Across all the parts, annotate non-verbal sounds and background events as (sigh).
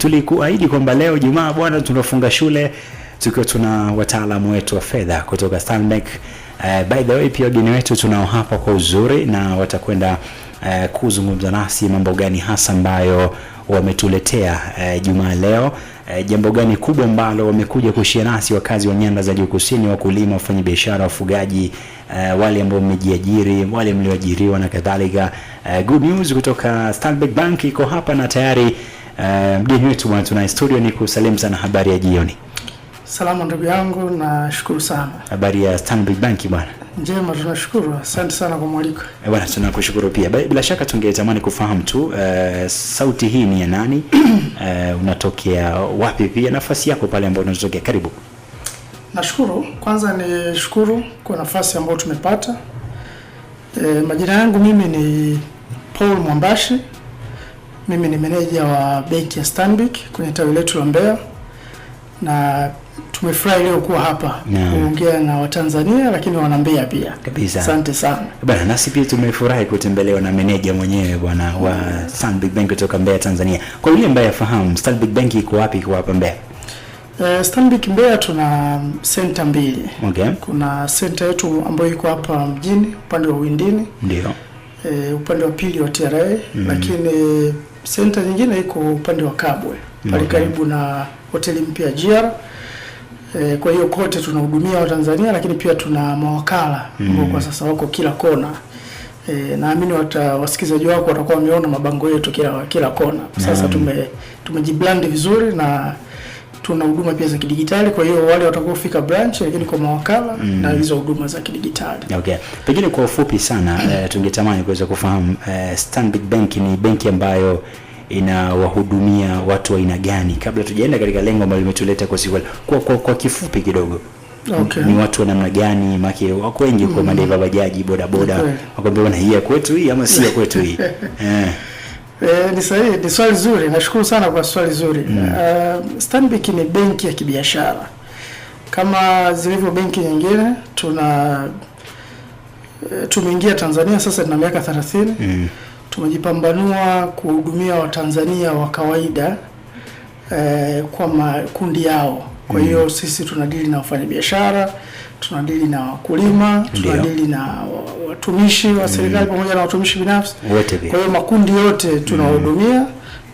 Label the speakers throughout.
Speaker 1: Tulikuahidi kwamba leo Jumaa bwana, tunafunga shule tukiwa tuna wataalamu wetu wa fedha kutoka Stanbic. Uh, by the way pia wageni wetu tunao hapa kwa uzuri na watakwenda uh, kuzungumza nasi mambo gani hasa ambayo wametuletea uh, Jumaa leo uh, jambo gani kubwa ambalo wamekuja kushia nasi wakazi wa nyanda za juu kusini, wakulima, biashara, wafugaji, uh, wale ambao mmejiajiri, wale mlioajiriwa na kadhalika. Uh, good news kutoka Stanbic Bank iko hapa na tayari Uh, mgeni wetu bwana, tuna studio ni kusalimu sana, habari ya jioni.
Speaker 2: Salamu ndugu yangu, nashukuru sana.
Speaker 1: Habari ya Stanbic Bank bwana?
Speaker 2: Njema, tunashukuru. Asante sana kwa mwaliko.
Speaker 1: Eh, tunakushukuru pia. Bila shaka tungetamani kufahamu tu uh, sauti hii ni ya nani? uh, (clears throat) unatokea wapi pia nafasi yako pale ambapo unatokea? Karibu.
Speaker 2: Nashukuru. Kwanza ni shukuru kwa nafasi ambayo tumepata. E, majina yangu mimi ni Paul Mwambashi mimi ni meneja wa benki ya Stanbic kwenye tawi letu la Mbeya, na tumefurahi leo kuwa hapa kuongea na Watanzania lakini wana Mbeya pia. Kabisa. Asante sana.
Speaker 1: Bwana, nasi pia tumefurahi kutembelewa na meneja mwenyewe bwana mm, wa Stanbic Bank kutoka Mbeya, Tanzania. Kwa yule ambaye afahamu Stanbic Bank iko wapi, kwa hapa Mbeya?
Speaker 2: Uh, Stanbic Mbeya tuna center mbili. Okay. Kuna center yetu ambayo iko hapa mjini upande wa Windini. Ndio. E, upande wa pili wa TRA mm. Lakini Senta nyingine iko upande wa Kabwe pale karibu na hoteli mpya GR. E, kwa hiyo kote tunahudumia Watanzania, lakini pia tuna mawakala ambao mm. kwa sasa wako kila kona. E, naamini wata wako watakuwa wameona mabango yetu kila kila kona. Sasa tume tumejiblandi vizuri na tuna huduma pia za kidigitali, kwa hiyo wale watakaofika branch, lakini kwa mawakala mm. na hizo huduma za kidigitali.
Speaker 1: Okay, pengine kwa ufupi sana mm. eh, tungetamani kuweza kufahamu eh, Stanbic Bank ni benki ambayo inawahudumia watu wa aina gani, kabla tujaenda katika lengo ambalo limetuleta kwa siku kwa, kwa, kwa kifupi kidogo. Okay. Ni watu wa namna gani? Maki wako wengi kwa mm. madereva bajaji, bodaboda okay. Wakwambia hii ya kwetu hii ama si ya kwetu hii (laughs) eh.
Speaker 2: E, ni sahihi, ni swali zuri. Nashukuru sana kwa swali zuri mm. Uh, Stanbic ni benki ya kibiashara kama zilivyo benki nyingine. Tuna eh, tumeingia Tanzania sasa tuna miaka 30 mm. Tumejipambanua kuhudumia Watanzania wa kawaida eh, kwa makundi yao. Kwa mm. hiyo mm. sisi tunadili na wafanyabiashara tunadili na wakulima, tunadili na watumishi wa mm. serikali mm. pamoja na watumishi binafsi. Kwa hiyo makundi yote tunawahudumia mm.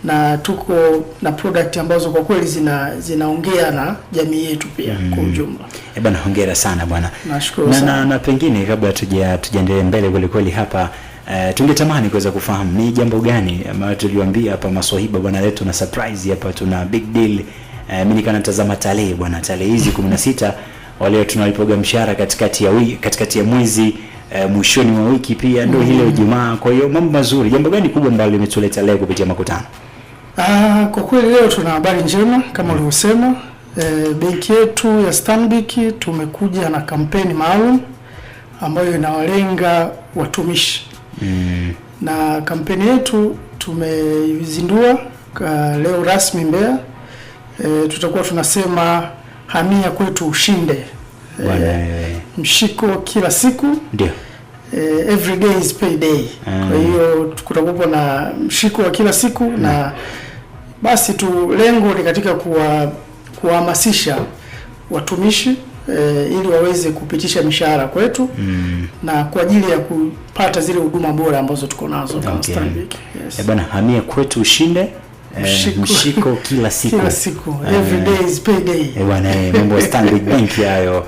Speaker 2: na tuko na product ambazo kwa kweli zina zinaongea na jamii yetu pia mm. kwa ujumla.
Speaker 1: Eh, bwana hongera sana bwana. Nashukuru sana. Na, na pengine kabla tuja tujaendelea mbele kweli kweli hapa Uh, tungetamani kuweza kufahamu ni jambo gani ambayo tuliwaambia hapa maswahiba bwana letu na surprise hapa tuna big deal. Uh, mimi nikanatazama tarehe bwana, tarehe hizi 16 wale tunaoipoga mshahara katikati ya wiki, katikati ya mwezi e, mwishoni mwa wiki pia ndio mm -hmm. ile Ijumaa. Kwa hiyo mambo mazuri. Jambo gani kubwa ambalo limetuleta leo kupitia makutano?
Speaker 2: Ah, kwa kweli leo tuna habari njema kama ulivyosema. E, benki yetu ya Stanbic tumekuja na kampeni maalum ambayo inawalenga watumishi mm. na kampeni yetu tumeizindua leo rasmi Mbeya. E, tutakuwa tunasema hamia kwetu ushinde
Speaker 1: Bwana, e,
Speaker 2: mshiko kila siku ndio e, every day is day. mm. Kwa hiyo kutakuwa na mshiko wa kila siku mm. na basi tu lengo ni katika kuwa kuwahamasisha watumishi e, ili waweze kupitisha mishahara kwetu mm. na kwa ajili ya kupata zile huduma bora ambazo tuko nazo kama okay. Yes.
Speaker 1: E bana, hamia kwetu ushinde Eh, mshiko, kila siku kila
Speaker 2: siku eh.
Speaker 1: eh, hayo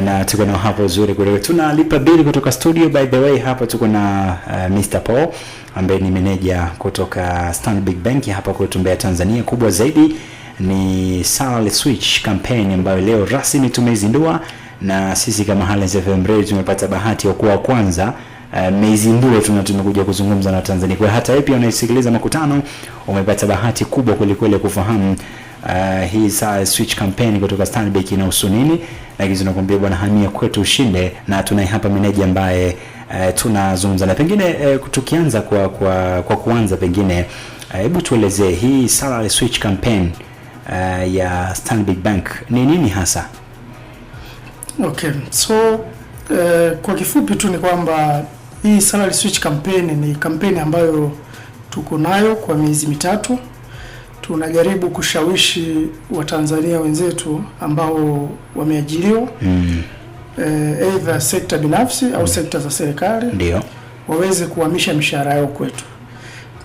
Speaker 1: (laughs) na tuko nao hapo zuri kutoka tunalipa bili kutoka studio by the way hapa tuko na uh, Mr Paul ambaye ni meneja kutoka Stanbic Bank hapa kwetu Tanzania kubwa zaidi ni Salary Switch campaign ambayo leo rasmi tumeizindua na sisi kama Highlands FM tumepata bahati ya kuwa kwanza Eh, Maizy Ndule tuna tumekuja kuzungumza na Tanzania. Kwa hata pia unaisikiliza makutano, umepata bahati kubwa kweli kweli kufahamu uh, hii saa switch campaign kutoka Stanbic inahusu nini, lakini tunakwambia bwana, hamia kwetu ushinde, na tunaye hapa meneja ambaye uh, tunazungumza na pengine uh, tukianza kwa, kwa, kwa kuanza pengine hebu uh, tuelezee hii salary switch campaign uh, ya Stanbic Bank ni nini hasa?
Speaker 2: Okay, so uh, kwa kifupi tu ni kwamba hii salary switch campaign ni kampeni ambayo tuko nayo kwa miezi mitatu. Tunajaribu kushawishi Watanzania wenzetu ambao wameajiriwa mm. E, either sekta binafsi au sekta za serikali ndio waweze kuhamisha mishahara yao kwetu,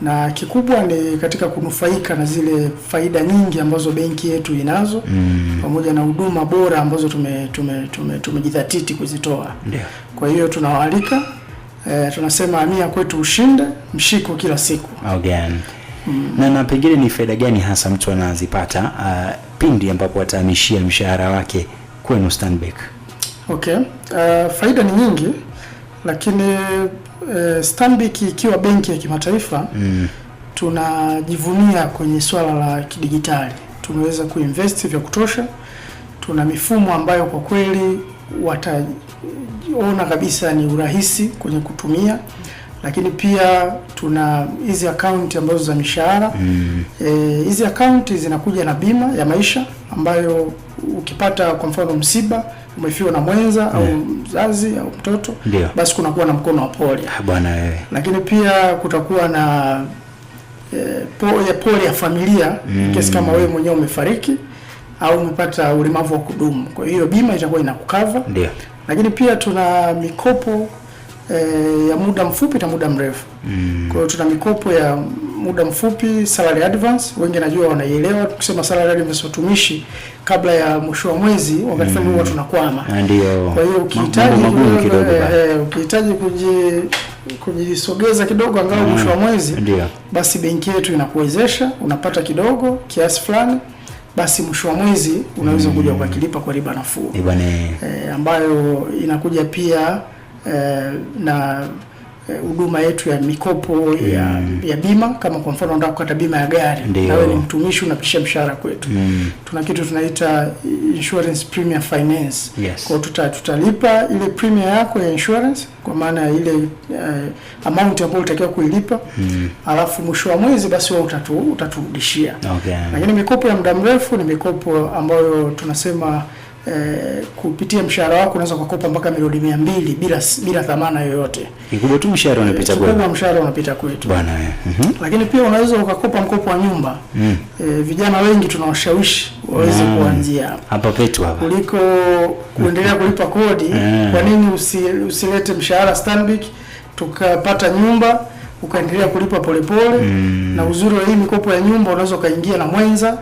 Speaker 2: na kikubwa ni katika kunufaika na zile faida nyingi ambazo benki yetu inazo mm. pamoja na huduma bora ambazo tumejidhatiti tume, tume, tume kuzitoa. Ndio. Kwa hiyo tunawaalika E, tunasema amia kwetu ushinde mshiko kila siku
Speaker 1: again. Mm. Na na pengine ni faida gani hasa mtu anazipata uh, pindi ambapo atahamishia mshahara wake kwenu Stanbic?
Speaker 2: Okay. Uh, faida ni nyingi lakini uh, Stanbic ikiwa benki ya kimataifa mm. tunajivunia kwenye swala la kidijitali tumeweza kuinvest vya kutosha, tuna mifumo ambayo kwa kweli wataona kabisa ni urahisi kwenye kutumia, lakini pia tuna hizi akaunti ambazo za mishahara mm. Eh, hizi. Mm. E, akaunti zinakuja na bima ya maisha ambayo ukipata kwa mfano msiba umefiwa na mwenza yeah, au mzazi au mtoto yeah. basi kunakuwa na mkono wa pole ah, bwana wewe, eh. lakini pia kutakuwa na e, pole ya familia mm, kesi kama wewe mwenyewe umefariki au umepata ulemavu wa kudumu. Kwa hiyo bima itakuwa inakukava. Ndio. Lakini pia tuna mikopo e, ya muda mfupi na muda mrefu. Mm. Kwa hiyo tuna mikopo ya muda mfupi salary advance, wengi najua wanaielewa. Tukisema salary advance watumishi, kabla ya mwisho wa mwezi wakati mm. huwa tunakwama. Ah, ndio. Kwa hiyo ukihitaji eh, eh, ukihitaji kuji kujisogeza kidogo angalau mwisho wa mm. mwezi, basi benki yetu inakuwezesha, unapata kidogo kiasi fulani basi mwisho wa mwezi unaweza mm. kuja ukakilipa kwa riba nafuu e, ambayo inakuja pia e, na Eh, huduma yetu ya mikopo ya, mm. ya bima. Kama kwa mfano unataka kukata bima ya gari, wewe ni mtumishi, unapisha mshahara kwetu mm. tuna kitu tunaita insurance premium finance yes. Kwa tuta tutalipa ile premium yako ya insurance kwa maana ile uh, amount ambayo utakiwa kuilipa mm. alafu mwisho wa mwezi basi wewe utatu utaturudishia, okay. Lakini mikopo ya muda mrefu ni mikopo ambayo tunasema Eh, kupitia mshahara wako unaweza kukopa mpaka milioni mia mbili bila bila thamana yoyote.
Speaker 1: Kikubwa tu mshahara unapita eh, kwetu.
Speaker 2: Kikubwa mshahara unapita kwetu.
Speaker 1: Bwana eh. Mm
Speaker 2: -hmm. Lakini pia unaweza ukakopa mkopo wa nyumba. Mm. E, vijana wengi tunawashawishi waweze mm. kuanzia hapa.
Speaker 1: Hapa petu hapa.
Speaker 2: Kuliko kuendelea kulipa kodi, mm. kwa nini usi, usilete mshahara Stanbic tukapata nyumba ukaendelea kulipa polepole pole, mm. na uzuri wa hii mikopo ya nyumba unaweza ukaingia na mwenza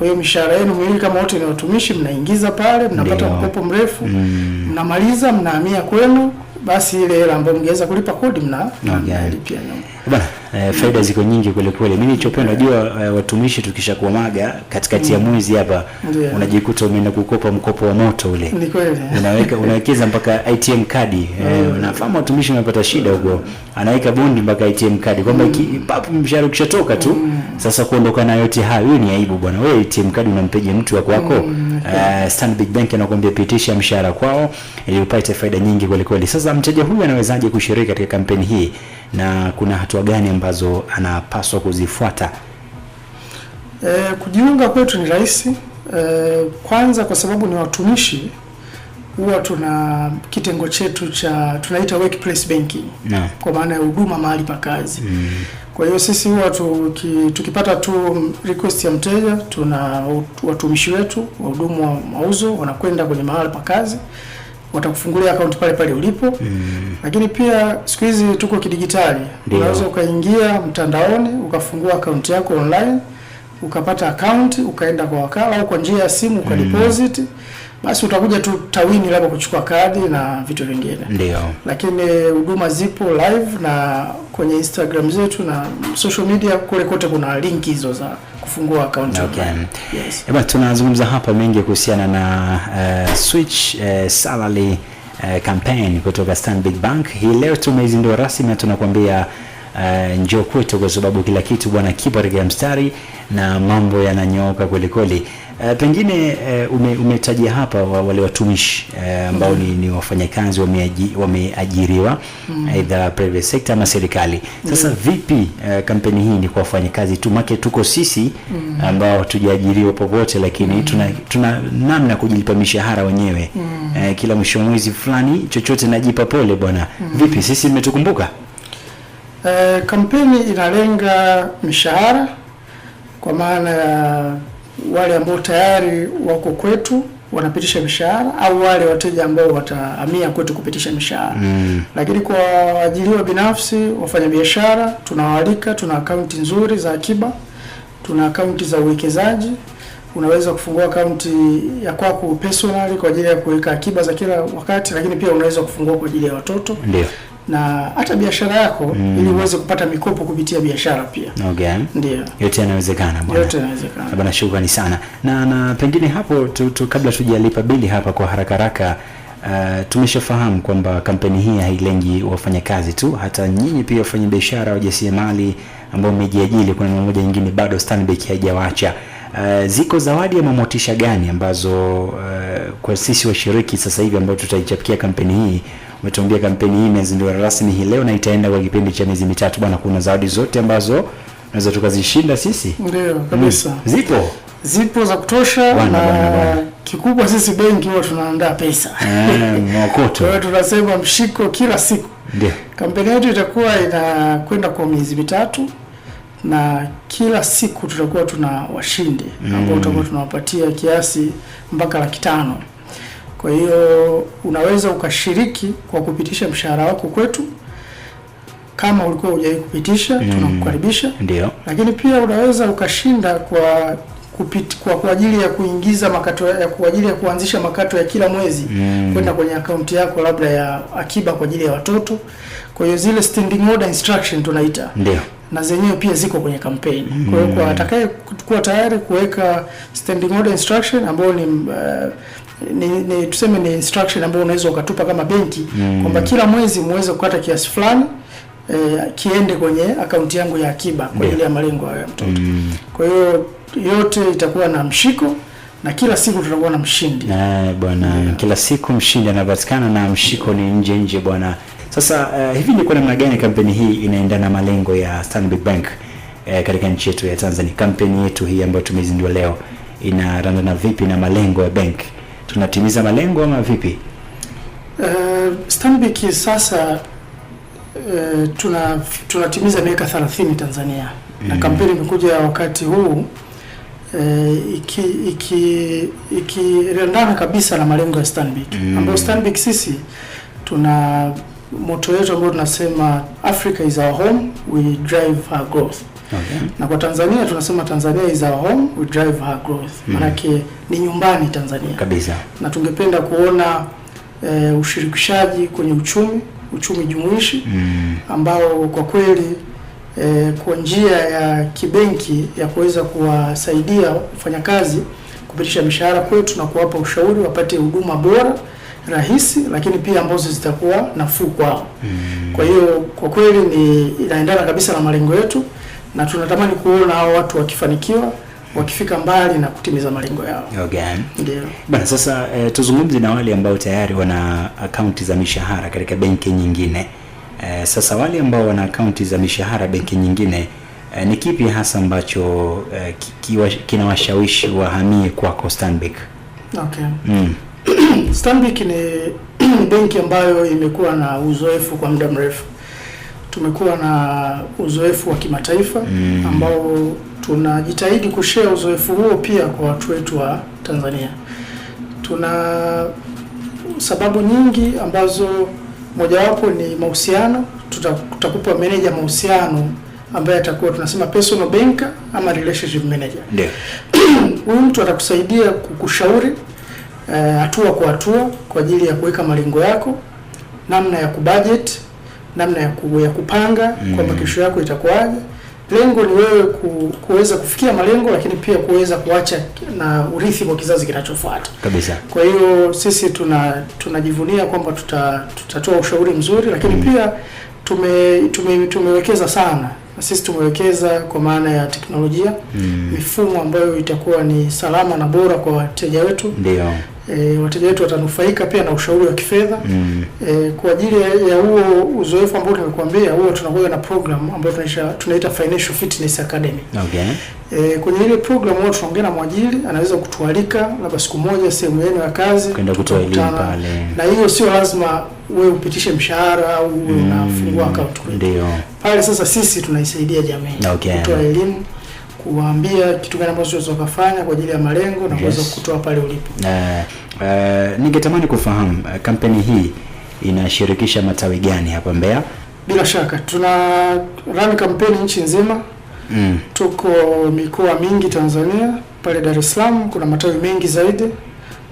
Speaker 2: kwa hiyo mishahara yenu miwili kama wote ni watumishi, mnaingiza pale, mnapata mkopo mrefu mm. mnamaliza, mnahamia kwenu, basi ile hela ambayo mngeweza kulipa kodi mna
Speaker 1: mnalipia nyuma bwana eh, faida ziko nyingi kweli kweli. Mimi nilichopenda najua, eh, watumishi maga katikati ya mm. mwizi hapa yeah. Unajikuta umeenda kukopa mkopo wa moto ule, unaweka unawekeza mpaka ATM kadi eh, mm. unafahamu watumishi wanapata shida huko, anaweka bondi mpaka ATM kadi kwamba mm. papo mshahara ukishatoka tu mm. Sasa kuondoka na yote hayo ni aibu bwana. Wewe ATM kadi unampeje mtu wako wako mm. Uh, eh, Stanbic Bank anakuambia pitisha mshahara kwao ili upate faida nyingi kweli kweli. Sasa mteja huyu anawezaje kushiriki katika kampeni hii na kuna hatua gani ambazo anapaswa kuzifuata?
Speaker 2: E, kujiunga kwetu ni rahisi. e, kwanza kwa sababu ni watumishi huwa tuna kitengo chetu cha tunaita workplace banking no. Kwa maana ya huduma mahali pa kazi mm. Kwa hiyo sisi huwa tukipata tu request ya mteja, tuna watumishi wetu wahudumu wa mauzo wanakwenda kwenye mahala pa kazi watakufungulia akaunti pale pale ulipo mm. Lakini pia siku hizi tuko kidigitali, unaweza ukaingia mtandaoni ukafungua akaunti yako online ukapata akaunti ukaenda kwa wakala au kwa njia ya simu ukadeposit mm basi utakuja tu tawini labda kuchukua kadi na vitu vingine ndio, lakini eh, huduma zipo live na kwenye Instagram zetu na social media kule kote, kuna linki hizo za kufungua akaunti.
Speaker 1: Okay. Yes. Eba, tunazungumza hapa mengi kuhusiana na uh, switch uh, salary uh, campaign kutoka Stanbic Bank. Hii leo tumeizindua rasmi na tunakuambia Uh, eh, njoo kwetu kwa sababu kila kitu bwana kipo katika mstari na mambo yananyooka kweli kweli. Uh, pengine uh, ume, umetaja hapa wale watumishi ambao uh, ni, ni wafanyakazi wameajiriwa mm. either private sector ama serikali. Sasa mm. vipi uh, kampeni hii ni kwa wafanyakazi tu, make tuko sisi mm. ambao hatujaajiriwa popote, lakini mm. tuna, tuna namna kujilipa mishahara wenyewe mm. uh, kila mwisho wa mwezi fulani chochote najipa pole bwana mm. vipi sisi mmetukumbuka?
Speaker 2: E, kampeni inalenga mishahara kwa maana ya wale ambao tayari wako kwetu wanapitisha mishahara au wale wateja ambao watahamia kwetu kupitisha mishahara mm. Lakini kwa waajiriwa binafsi, wafanyabiashara, tunawaalika. Tuna akaunti nzuri za akiba, tuna akaunti za uwekezaji. Unaweza kufungua akaunti ya kwako personal kwa ajili ya kuweka akiba za kila wakati, lakini pia unaweza kufungua kwa ajili ya watoto. Ndiyo na hata biashara yako mm. ili uweze kupata mikopo kupitia biashara pia. Okay. Ndio. Yote
Speaker 1: yanawezekana bwana.
Speaker 2: Yote yanawezekana.
Speaker 1: Bwana, shukrani sana. Na na pengine hapo tu, tu, kabla tujalipa bili hapa kwa haraka haraka Uh, tumeshafahamu kwamba kampeni hii hailengi wafanyakazi tu, hata nyinyi pia wafanyabiashara, wajasiriamali ambao mmejiajili kwa namna moja nyingine, bado Stanbic haijawaacha. Uh, ziko zawadi ama motisha gani ambazo uh, kwa sisi washiriki sasa hivi ambao tutaichapikia kampeni hii umetuambia kampeni hii imezinduliwa rasmi hii leo na itaenda kwa kipindi cha miezi mitatu. Bwana, kuna zawadi zote ambazo naweza tukazishinda sisi?
Speaker 2: Ndio kabisa. Mm. Zipo zipo za kutosha wana, na wana, wana. Kikubwa sisi benki huwa tunaandaa pesa
Speaker 1: eh, mwokoto. (laughs) Kwa
Speaker 2: hiyo tunasema mshiko kila siku. Ndio. Kampeni yetu itakuwa inakwenda kwa miezi mitatu na kila siku tutakuwa tuna washindi ambao mm. tutakuwa tunawapatia kiasi mpaka laki tano. Kwa hiyo unaweza ukashiriki kwa kupitisha mshahara wako kwetu kama ulikuwa hujawahi kupitisha mm, tunakukaribisha. Ndio. Lakini pia unaweza ukashinda kwa kupit, kwa kwa ajili ya kuingiza makato ya kwa ajili ya kuanzisha makato ya kila mwezi mm, kwenda kwenye akaunti yako labda ya akiba kwa ajili ya watoto. Kwa hiyo zile standing order instruction tunaita. Ndio. Na zenyewe pia ziko kwenye kampeni. Mm. Kwa hiyo mm. kwa atakaye kuwa tayari kuweka standing order instruction ambayo ni uh, ni, ni tuseme ni instruction ambayo unaweza ukatupa kama benki mm. kwamba kila mwezi muweze kukata kiasi fulani e, kiende kwenye akaunti yangu ya akiba kwa ajili ya malengo ya mtoto mm. kwa hiyo yote itakuwa na mshiko na kila siku tutakuwa na mshindi
Speaker 1: eh, bwana yeah. Kila siku mshindi anapatikana na mshiko ni nje nje bwana. Sasa uh, hivi ni kwa namna gani kampeni hii inaenda na malengo ya Stanbic Bank eh, katika nchi yetu ya Tanzania? Kampeni yetu hii ambayo tumeizindua leo inaendana vipi na malengo ya benki? tunatimiza malengo ama vipi?
Speaker 2: Uh, Stanbic sasa uh, tuna tunatimiza miaka 30 Tanzania mm. na kampeni imekuja wakati huu uh, iki ikiendana iki kabisa na malengo ya Stanbic mm. ambayo Stanbic sisi tuna moto wetu ambao tunasema Africa is our home we drive our growth okay. Na kwa Tanzania tunasema Tanzania is our home we drive her growth mm. Maanake ni nyumbani Tanzania kabisa, na tungependa kuona e, ushirikishaji kwenye uchumi uchumi jumuishi mm. ambao kwa kweli e, kwa njia ya kibenki ya kuweza kuwasaidia wafanyakazi kupitisha mishahara kwetu na kuwapa ushauri wapate huduma bora rahisi lakini pia ambazo zitakuwa nafuu kwao. Mm. Kwa hiyo kwa kweli ni inaendana kabisa na malengo yetu na tunatamani kuona hao watu wakifanikiwa wakifika mbali na kutimiza malengo yao.
Speaker 1: Okay. Ndio. Bana sasa e, tuzungumze na wale ambao tayari wana akaunti za mishahara katika benki nyingine. E, sasa wale ambao wana akaunti za mishahara benki nyingine e, ni kipi hasa ambacho e, kinawashawishi wahamie kwako Stanbic?
Speaker 2: Okay. Mm. (clears throat) Stanbic ni (clears throat) benki ambayo imekuwa na uzoefu kwa muda mrefu tumekuwa na uzoefu wa kimataifa mm. ambao tunajitahidi kushare uzoefu huo pia kwa watu wetu wa Tanzania. Tuna sababu nyingi ambazo mojawapo ni mahusiano. Tutakupa meneja mahusiano ambaye atakuwa tunasema personal banker ama relationship manager. Ndio. (clears throat) Huyu mtu atakusaidia kukushauri eh, hatua uh, kwa hatua kwa ajili ya kuweka malengo yako, namna ya kubudget namna ya, ku, ya kupanga mm. kwamba kesho yako itakuwaje. Lengo ni wewe ku, kuweza kufikia malengo, lakini pia kuweza kuacha na urithi kwa kizazi kinachofuata kabisa. Kwa hiyo sisi tuna tunajivunia kwamba tuta, tutatoa ushauri mzuri, lakini mm. pia tume, tume, tumewekeza sana na sisi tumewekeza kwa maana ya teknolojia mm. mifumo ambayo itakuwa ni salama na bora kwa wateja wetu. Ndio. E, wateja wetu watanufaika pia na ushauri wa kifedha mm. E, kwa ajili ya huo uzoefu ambao nimekuambia huo, tunakuwa na program ambayo tunaita tunaita Financial Fitness Academy.
Speaker 1: Okay.
Speaker 2: E, kwenye ile program huo tunaongea na mwajiri, anaweza kutualika labda siku moja sehemu yenu ya kazi
Speaker 1: kwenda kutoa elimu pale,
Speaker 2: na hiyo sio lazima wewe upitishe mshahara au hmm. unafungua mm. account kwetu. Ndio. Pale sasa sisi tuna kuisaidia jamii okay. kutoa elimu kuwaambia kitu gani ambacho unaweza kufanya kwa ajili ya malengo na kuweza yes. kutoa pale ulipo.
Speaker 1: Uh, uh, ningetamani kufahamu uh, kampeni hii inashirikisha matawi gani hapa Mbeya?
Speaker 2: Bila shaka tuna run kampeni nchi nzima mm. tuko mikoa mingi Tanzania, pale Dar es Salaam kuna matawi mengi zaidi,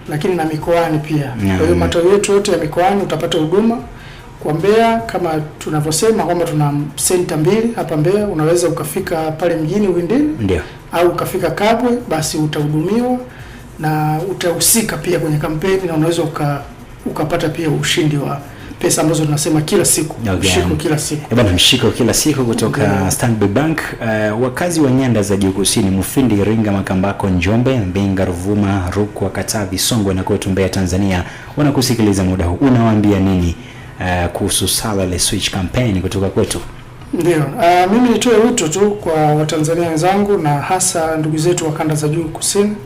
Speaker 2: lakini na mikoani pia. Kwa hiyo matawi yetu yote ya mikoani utapata huduma kwa Mbeya kama tunavyosema kwamba tuna senta mbili hapa Mbeya, unaweza ukafika pale mjini Windini au ukafika Kabwe, basi utahudumiwa na utahusika pia kwenye kampeni na unaweza uka, ukapata pia ushindi wa pesa ambazo tunasema kila siku okay. Mshiko kila siku
Speaker 1: eh, na mshiko kila siku kutoka yeah. Stanbic Bank. Uh, wakazi wa nyanda za juu kusini, Mufindi, Iringa, Makambako, Njombe, Mbinga, Ruvuma, Rukwa, Katavi, Songwe na kwetu Mbeya, Tanzania, wanakusikiliza muda huu, unawaambia nini uh, kuhusu salary switch campaign kutoka kwetu?
Speaker 2: Ndio, uh, mimi nitoe wito tu kwa Watanzania wenzangu na hasa ndugu zetu wa kanda za juu kusini,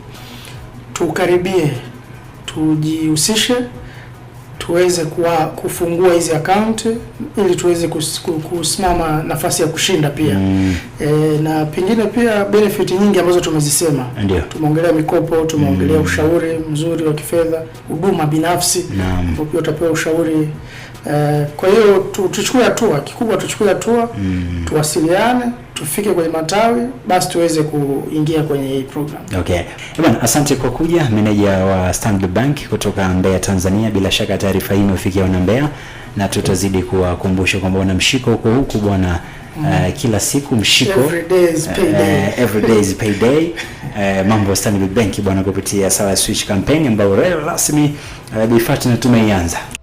Speaker 2: tukaribie, tujihusishe, tuweze kuwa, kufungua hizi akaunti ili tuweze kusimama nafasi ya kushinda pia mm. E, na pengine pia benefit nyingi ambazo tumezisema, tumeongelea mikopo, tumeongelea mm. ushauri mzuri wa kifedha, huduma binafsi, pia utapewa ushauri Eh, kwa hiyo tuchukue hatua, kikubwa tuchukue hatua mm. Tuwasiliane, tufike kwenye matawi basi tuweze kuingia kwenye hii program.
Speaker 1: Okay. Bwana, asante kwa kuja, meneja wa Stanbic Bank kutoka Mbeya, Tanzania. Bila shaka taarifa hii imefikia wana Mbeya na tutazidi kuwakumbusha kwamba wana mshiko huko huku bwana Mm. Uh, kila siku mshiko
Speaker 2: every day is eh,
Speaker 1: pay day Uh, (laughs) mambo ya Stanbic Bank bwana, kupitia Sawa Switch campaign ambayo leo rasmi uh, Bi Fatma tumeianza.